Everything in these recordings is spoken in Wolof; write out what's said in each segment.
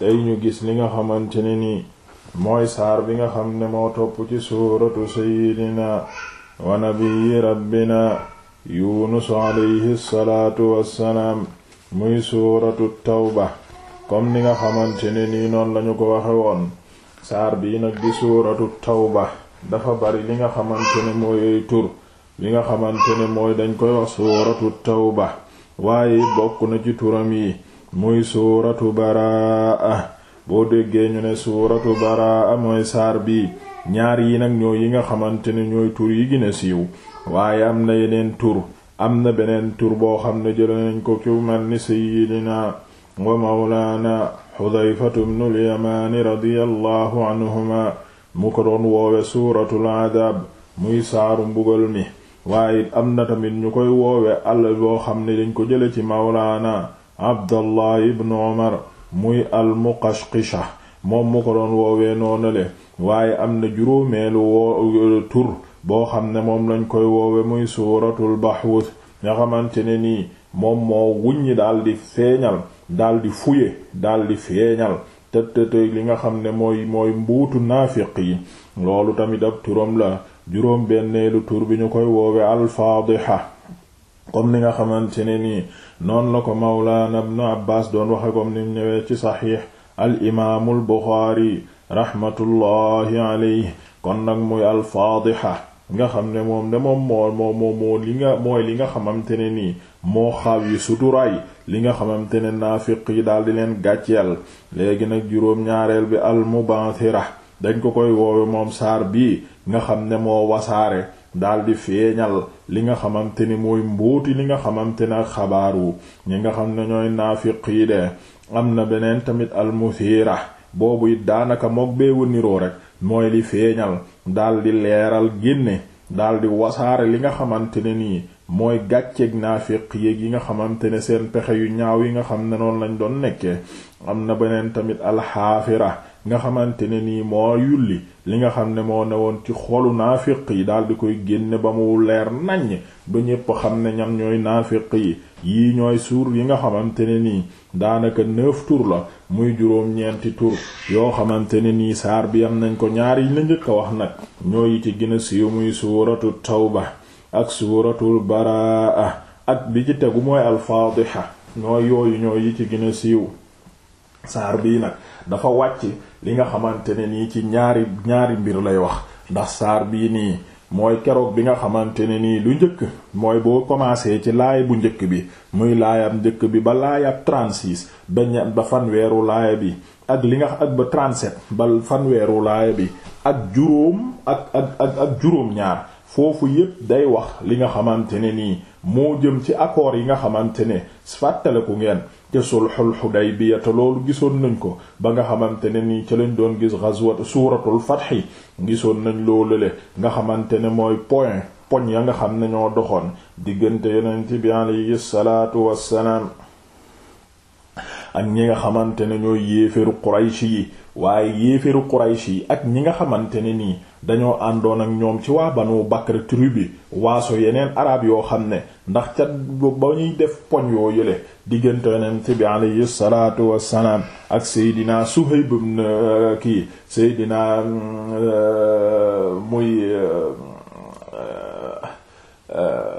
tey ñu gis li nga xamante ne nii mooy saar bi nga xam ne moo topp ci suuratu sayyidina wa nabiyyi rabbina yunus alayhi salaatu wassalaam muy suuratu ba comme li nga xamante ne nii noonu lañu ko waxe woon saar bii nag di suuratu ba dafa bari li nga xamante ne mooy tur li nga xamante ne mooy dañ koy wax suuratu ba waaye bokk na ci turam yi muy suuratu baraa boo déggee ñu ne suuratu baraa mooy saar bi ñaar yi nag ñoo yi nga xamante ne ñooy tur yi gën a siiw waaye am na yeneen tur am na beneen tur boo xam ne jël nañ ko ci mel ni sayyidina wa mawlaana xudayfatu bnul yamaani radiyallahu anhuma mu ko doon woowe suuratul adaab muy saaru mbugal mi waaye am na tamit ñu koy woowe àll boo xam ne dañ ko jële ci mawlaana abdallah ibnu omar muy almuqashqisha moom mu ko doon woowee noonale waaye am na juróomeelu tur boo xam ne moom lañ koy woowe muy suuratul baxwus nga xamante ne nii moom moo wuññi daal di feeñal daldi di fuye daal di feeñal tëtëtëy li nga xam ne mooy mooy mbuutu naafiq yi loolu tamit ab turam la juróom benneelu tur bi ñu koy woowe alfaadiha comme li nga xamante ne nii noonu la ko mawlaana ibnu abbaas doon waxee comme ni ñëwee ci saxiix al imaamul buxaari raxmatullaahi alayhi kon nag muy al faadixa nga xam ne moom de moom moo moo li nga mooy li nga xamante ne nii moo xaw yi suturaay li nga xamante ne naafiq yi daal di leen gàcceel léegi nag juróom-ñaareel bi al mubathira dañ ko koy woowe moom saar bii nga xam ne moo wasaare daldi feeñal li nga xamante ni mooy mbóoti li nga xamante ne ak xabaaru ñi nga xam ne ñooy naafiq yi de am na beneen tamit almuthira boobu it daanaka moog beewu niroo rek mooy li feeñal daldi leeral génne daldi wasaare li nga xamante ne nii mooy gàcceeg naafiq yéeg yi nga xamante ne seen pexe yu ñaaw yi nga xam ne noonu lañ doon nekkee am na beneen tamit alxaafira nga xamante ne nii moo yulli li nga xam ne moo newoon ci xolu naafiq yi daal di koy génne ba mu leer naññ ba ñépp xam ne ñam ñooy naafiq yi yii ñooy suur yi nga xamante ne nii daanaka neuf tur la muy juróom-ñeenti tur yoo xamante ne nii saar bi am nañ ko ñaar la njëkk a wax nag ñooy ci gën a siiw muy suuratu tawba ak suuratul baraa ak bi ci tegu mooy alfaadiha ñooy yooyu ñooy yi ci gën a siiw saar bii nag dafa wàcc li nga xamante ne nii ci ñaari ñaari mbir lay wax ndax saar bii nii mooy keroog bi nga xamante ne nii lu njëkk mooy boo commencé ci laay bu njëkk bi muy laayab njëkk bi ba laayab 36 ba ña ba fanweeru laaya bi ak li nga ak ba 37 ba fanweeru laaya bi ak juróom ak ak ak ak juróom ñaar foofu yépp day wax li nga xamante ne nii moo jëm ci akoor yi nga xamante ne fàttaleku ngeen te sulhul Hudaybiya te loolu gisoon nañ ko ba nga xamante ne nii ci lañ doon gis ghazwat suuratul fathi gisoon nañ loolu le nga xamante ne mooy point poñ ya nga xam ne ñoo doxoon diggante yonent bi alayhi salaatu wassalaam ak ñi nga xamante ne ñooy yéeferu Quraysh yi waaye yéeféru Quraysh yi ak ñi nga xamante ne nii dañoo àndoon ak ñoom ci waa Banu Bakr tribu bi waaso yeneen arab yoo xam ne ndax ca ba ñuy def poñ yoo yële diggante yonent bi alayhi salaatu wassalaam ak Seydina Suhayb ibn euh, kii Seydina euh, euh,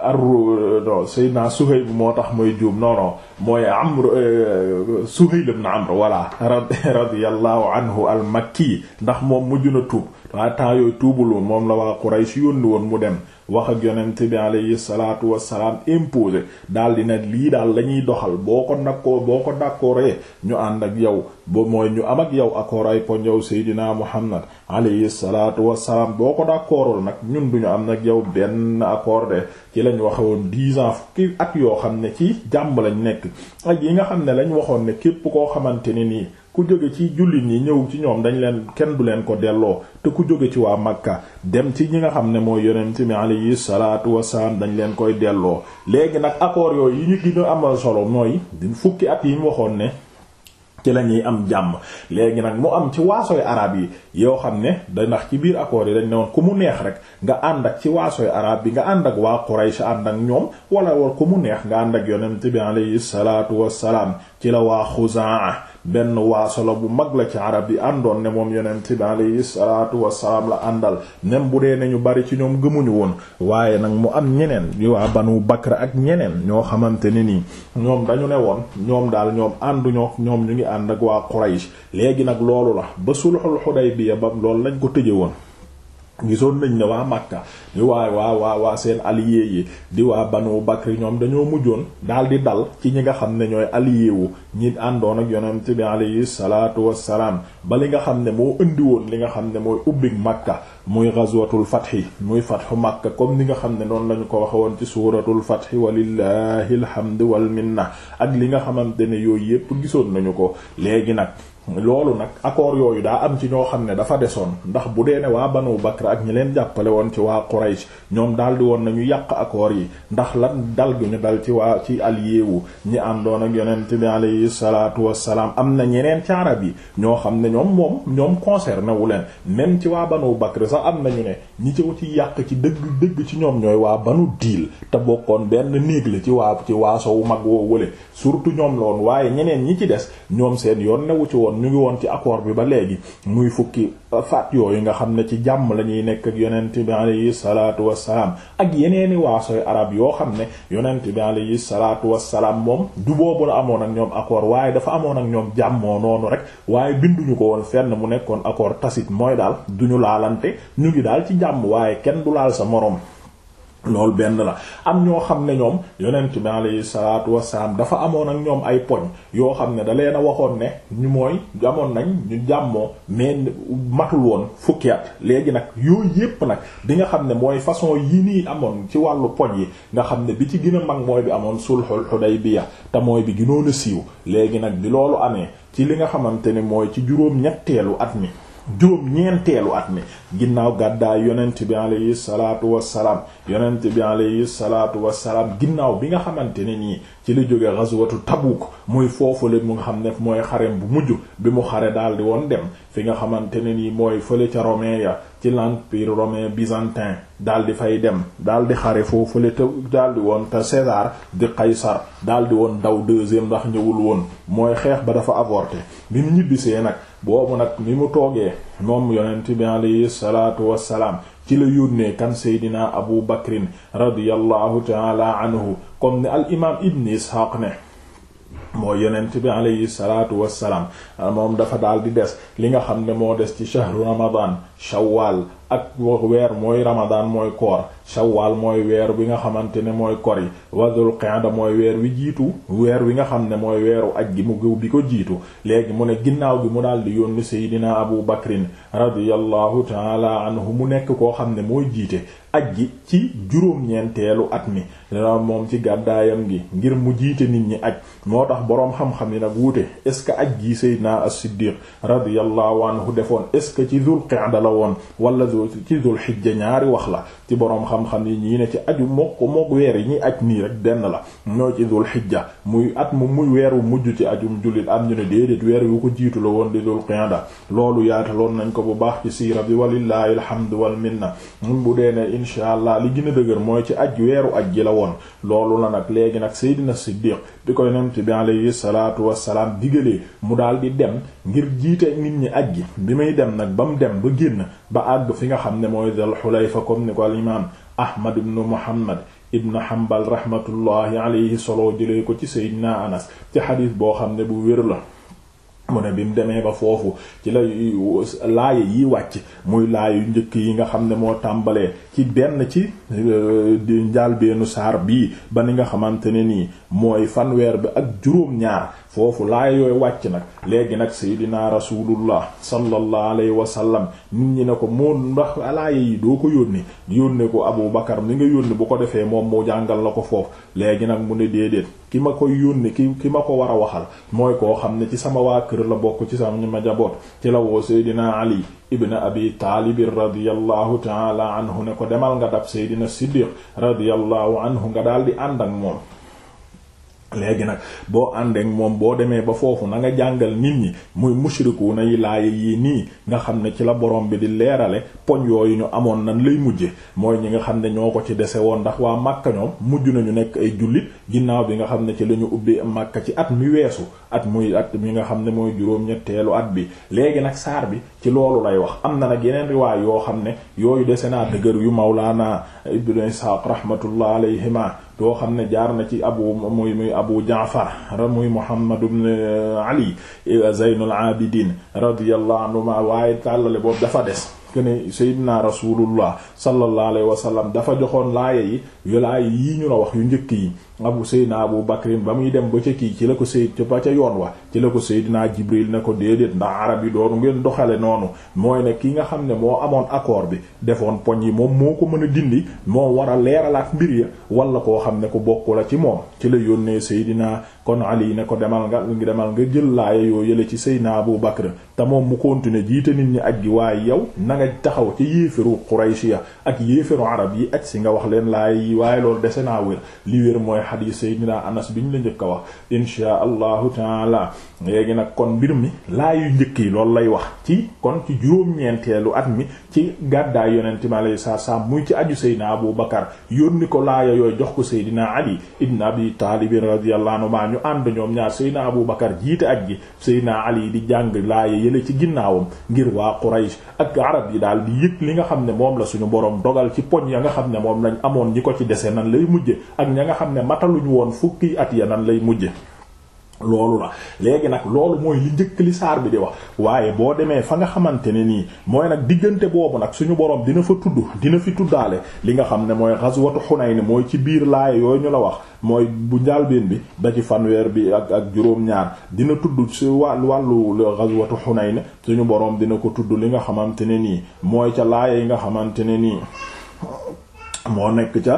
ar non Seydina Suhayb moo tax mooy juub non mooy amr euh, Suhayl ibn Amr walla radiyallahu anhu al-Makki ndax moom mujj na tuub waa temps yooyu tuubul moom la waa Quraysh yónni woon mu dem wax ak yonent bi alayhi salaatu wassalaam imposé daal di ne lii daal la ñuy doxal boo ko nakkoo boo ko dakkooree ñu ànd ak yow ba mooy ñu am ak yow accord ay poñ yow Seydina Muhammad alayhi salaatu wassalaam boo ko dakkoorul nag ñun duñu am nag yow benn accord de ci lañu waxe woon dix ans fukki ak yoo xam ne ci jàmm lañ nekk ak yi nga xam ne lañ waxoon ne képp koo xamante ne nii ku jóge ci jullit ñi ñëw ci ñoom dañ leen kenn du leen ko delloo te ku jóge ci waa Makka dem ci ñi nga xam ne mooy yonent mi alayhi salaatu wasalaam dañu leen koy delloo léegi nag accords yooyu yi ñu gën amal solo mooy fukki at yi ñu waxoon ne ci la ñuy am jàmm léegi nag mu am ci waasoy araab yi yoo xam ne da ndax ci biir accords yi dañ ne woon ku mu neex rek nga ànd ak ci waasoy araab bi nga ànd ak waa Quraysh ànd ak ñoom wala war ku mu neex nga ànd ak yonent bi alayhi salaatu salaam ci la waa Xuzaa benn waasolo bu mag la ci arab yi àndoon ne moom yonent bi alayhi salaatu wassalaam la àndal nem bu dee ne ñu bari ci ñoom gëmuñu woon waaye nag mu am ñeneen yu waa Banu Bakr ak ñeneen ñoo xamante ne nii ñoom dañu ne woon ñoom daal ñoom ànduñoo ñoom ñu ngi ànd ak waa Quraysh léegi nag loolu la ba sulhul Hudaybiya ba loolu lañ ko tëje woon gisoon nañ ne waa Makka di waa waa waa waa seen allié yi di waa Banu Bakri ñoom dañoo mujjoon daal di dal ci ñi nga xam ne ñooy allié wu ñi àndoon ak yonent bi alayhi salaatu wassalaam ba li nga xam ne moo indi woon li nga xam ne mooy ubbig Makka muy ghazwatul fathi muy fathu Makka comme li nga xam ne noonu lañu ko waxe woon ci suuratul fathi walillahi alhamdu wal minna ak li nga xamante ne yooyu yépp gisoon nañu ko léegi nag loolu nag accord yooyu daa am ci ñoo xam ne dafa desoon ndax bu dee ne waa Banu Bakr ak ñi leen jàppale woon ci waa Quraysh ñoom daldi woon nañu yàq accord yi ndax la dal gi ñu dal ci waa ci allié wu ñi àndoon ak yonent bi alayhi salaatu wassalaam am na ñeneen ci arab yi ñoo xam ne ñoom moom ñoom concerné wu leen même ci waa Banu Bakr sax am nañu ne ñi ci ci yàq ci dëgg dëgg ci ñoom ñooy waa Banu Diil te bokkoon benn néeg la ci waa ci waaso wu mag woo wële surtout ñoom loon waaye ñeneen ñi ci des ñoom seen yoon newu ci woon woon ñu ngi woon ci accord bi ba léegi muy fukki faat yooyu nga xam ne ci jàmm la ñuy nekk ak yonent bi alayhi salaatu wassalaam ak yeneeni waasoy arab yoo xam ne yonent bi alayhi salaatu wassalaam moom du boobu la amoon ak ñoom accord waaye dafa amoon ak ñoom jàmmoo noonu rek waaye binduñu ko woon fenn mu nekkoon accord tacite mooy daal duñu laalante ñu ngi daal ci jàmm waaye kenn du laal sa moroom loolu benn la am ñoo xam ne ñoom yonent bi alayhi salaatu wasalaam dafa amoon ak ñoom ay poñ yoo xam ne da leen a waxoon ne ñu mooy amoon nañ ñu jàmmoo mais matul woon fukki at léegi nag yooyu yépp nag di nga xam ne mooy façon yi nii amoon ci wàllu poñ yi nga xam ne bi ci gën a mag mooy bi amoon sulhul Hudaybiya te mooy bi gënoon a siiw léegi nag bi loolu amee ci li nga xamante ne mooy ci juróom ñetteelu at mi juróom ñeenteelu at mi ginnaaw gàddaay yonent bi alayhi salaatu wassalaam yonent bi alayhi salaatu wassalaam ginnaaw bi nga xamante ne nii ci li jóge ghazwatu Tabuk muy foofule mu nga xam ne mooy xarem bu mujj bi mu xare daal di woon dem fi nga xamante ne nii mooy fële ca romain ya ci l'empire romain byzantin daal di fay dem daal di xare foofule te daal di woon te César di Qaysar daal di woon daw deuxième ndax ñëwul woon mooy xeex ba dafa avorté bi mu ñibbisee nag boobu nag li mu toogee moom yonent bi alayhi salaatu wassalaam ci la yónnee kan seydina abu bakrin radiyallahu taala anhu comme ni al imaam ibn isxaaq ne moo yonent bi alayhi salaatu wassalaam ah, moom dafa daal di des li nga xam ne moo des ci shahru ramadan shawwal ak weer mooy ramadan mooy koor shawwal mooy weer bi nga xamante ne mooy kor yi wa dhul mooy weer wi jiitu weer wi nga xam ne mooy weeru aj gi mu giw bi ko jiitu léegi mu ne ginnaaw bi mu daal di yónni seydina abu bakrin radiyallahu taala anhu mu nekk koo xam ne mooy jiite ak gi ci juróom-ñeenteelu at mi moom ci gàddaayam gi ngir mu jiite nit ñi ak moo tax tax boroom xam-xam yi nag wuute est ce que aj gi Seydina as-Siddiq radiyallahu anhu defoon est ce que ci Dul Qa'da la woon wala ci Dul Hijja ñaari wax la ci boroom xam-xam yi ñii ne ci aju mook ko weer yi ñuy aj nii rek denn la ñoo ci dul xijja muy at mu muy weer wu mujj ci ajum jullit am ñu ne déedéet weer wu ko jiitu la woon di dul qiyaada loolu yaataloon nañ ko bu baax ci siira bi walillahi alhamdu wal minna mun bu dee ne insha allah li gën a dëgër mooy ci aj weeru aj ji la woon loolu la nag léegi nag Seydina Siddiq bi koy nent bi alayhi salaatu wassalaam digalee mu daal di dem ngir jiite nit ñi aj gi bi muy dem nag ba mu dem ba génn ba àgg fi nga xam ne mooy dal xulayfa comme ni ko imaam ahmad ibnu muhammad ibn hanbal rahmatullahi alayhi solo jëlee ko ci seydina anas ci xadis boo xam ne bu wér la mu ne bi mu demee ba foofu ci la laaya yi wàcc muy laayu njëkk yi nga xam ne moo tàmbalee ci benn ci euh, njaalbeenu saar bii ba ni nga xamante ne nii mooy fanweer bi ak juróom-ñaar foofu laaya yooy wàcc nag léegi nag seydinaa rasulullah sallallahu alayhi wa sallam nit ñi ne ko moo ndax laaya yi doo ko yónni yónne ko Abu Bakar ni nga yónni bu ko defee moom mu jàngal la ko foofu léegi nag mu ne déedéet ki ma koy yónni ki ki ma ko war a waxal mooy koo xam ne ci Badr bokk ci sam ñi ma jaboot ci la woo Seydina Ali ibn Abi Taalib radiyallahu taala anhu ne ko demal nga dab Seydina Siddiq radiyallahu anhu nga daal di ànd ak moom léegi nag boo àndeek moom boo demee ba foofu nanga jàngal nit ñi muy mushriku na yi laaya yii nii nga xam ne ci la borom bi di leerale poñ yooyu ñu amoon nan lay mujje mooy ñi nga xam ne ñoo ko ci dese woon ndax waa Màkka ñoom mujj ñu nekk ay jullit ginnaaw bi nga xam ne ci la ñu ubbi Màkka ci at mi weesu at muy at mi nga xam ne mooy juróom-ñetteelu at bi léegi nag saar bi ci loolu lay wax am na nag yeneen riwaay yoo xam ne yooyu dese naa dëgër yu Mawlaana Ibnu Isaaq rahmatullah alayhima doo xam ne jaar na ci abu muy muy abu jaafar ra muy muhammad ibn eh, ali eh, zaynul abidin radiyallahu anhuma waaye tàllale boobu dafa des kene sayyidina rasulullah sallallahu alayhi wa sallam dafa joxoon laaya yi yolaaye yii ñu la wax yu njëkk yi abu seydina abu bakrin ba muy dem ba ca kii ci la ko seyd ba ca yoon wa ci la ko seydina jibril ne ko déedéet ndax arab yi doonu ngeen doxale noonu mooy ne ki nga xam ne moo amoon accord bi defoon poñ yi moom moo ko mën a dindi moo war a leeralaat mbir ya wala koo xam ne ko bokku la ci moom ci la yónnee seydina kon ali ne ko demal nga demal nga jël laaya yoo yële ci seydina abu bakr te moom mu continuer jiite nit ñi ak gi waaye yow na taxaw ci yéefiru qurayshi ya ak yéefiru yi ak si nga wax leen laaya waaye loolu dese naa wér li wér xadiis Seydina Anas bi ñu la njëkk a wax insha allahu taala léegi nag kon mbir mi laa yu njëkk yi loolu lay wax ci kon ci juróom-ñeenteelu at mi ci gàddaay yonente mi alayhi sa salaam muy ci aju Seydina Abu Bakar yónni ko laaya yooyu jox ko Seydina Ali ibn Abi Taalib radiyallahu anhu ñu ànd ñoom ñaar Seydina Abu Bakar jiite ak gi Seydina Ali di jàng laaya yële ci ginnaawam ngir waa Quraysh ak arab yi daal di yëg li nga xam ne moom la suñu borom dogal ci poñ ya nga xam ne moom lañ amoon ñi ko ci dese nan lay mataluñu woon fukki at ya nan lay mujje loolu la léegi nag loolu mooy li njëkk li saar bi di wax waaye boo demee fa nga xamante ne nii mooy nag diggante boobu nag suñu borom dina fa tudd dina fi tuddaale li nga xam ne mooy ghazwatu Hunayn mooy ci biir laaya ñu la wax mooy bu njàlbeen bi da fanweer bi ak ak juróom dina tudd ci wàll wàllu ghazwatu Hunayn suñu borom dina ko tudd li nga xamante ne nii mooy ca laaya yi nga xamante ne nii moo nekk ca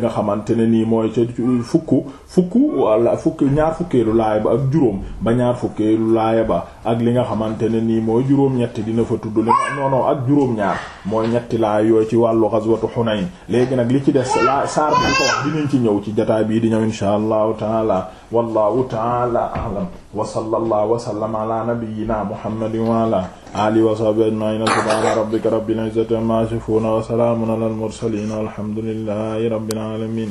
nga xamante ne nii mooy ca fukk fukk walla fukk ñaar fukkeelu laaya ba ak juróom ba ñaar fukkeelu laaya ba ak li nga xamante ne nii mooy juróom-ñetti dina fa tudd le non ak juróom-ñaar mooy ñetti laa yooyu ci wàllu ghazwatu Hunayn léegi nag li ci des la saar bi ko wax dinañ ci ñëw ci jotaay bii di ñëw insha allahu taala wallahu taala a'lam wa sallallahu wa sallama ala nabiyyina muhammadin wa ala alihi wa sahbihi ajma'in subhana rabbika rabbil izzati amma yasifun wa salamun alal mursalin walhamdulillahi rabbil alamin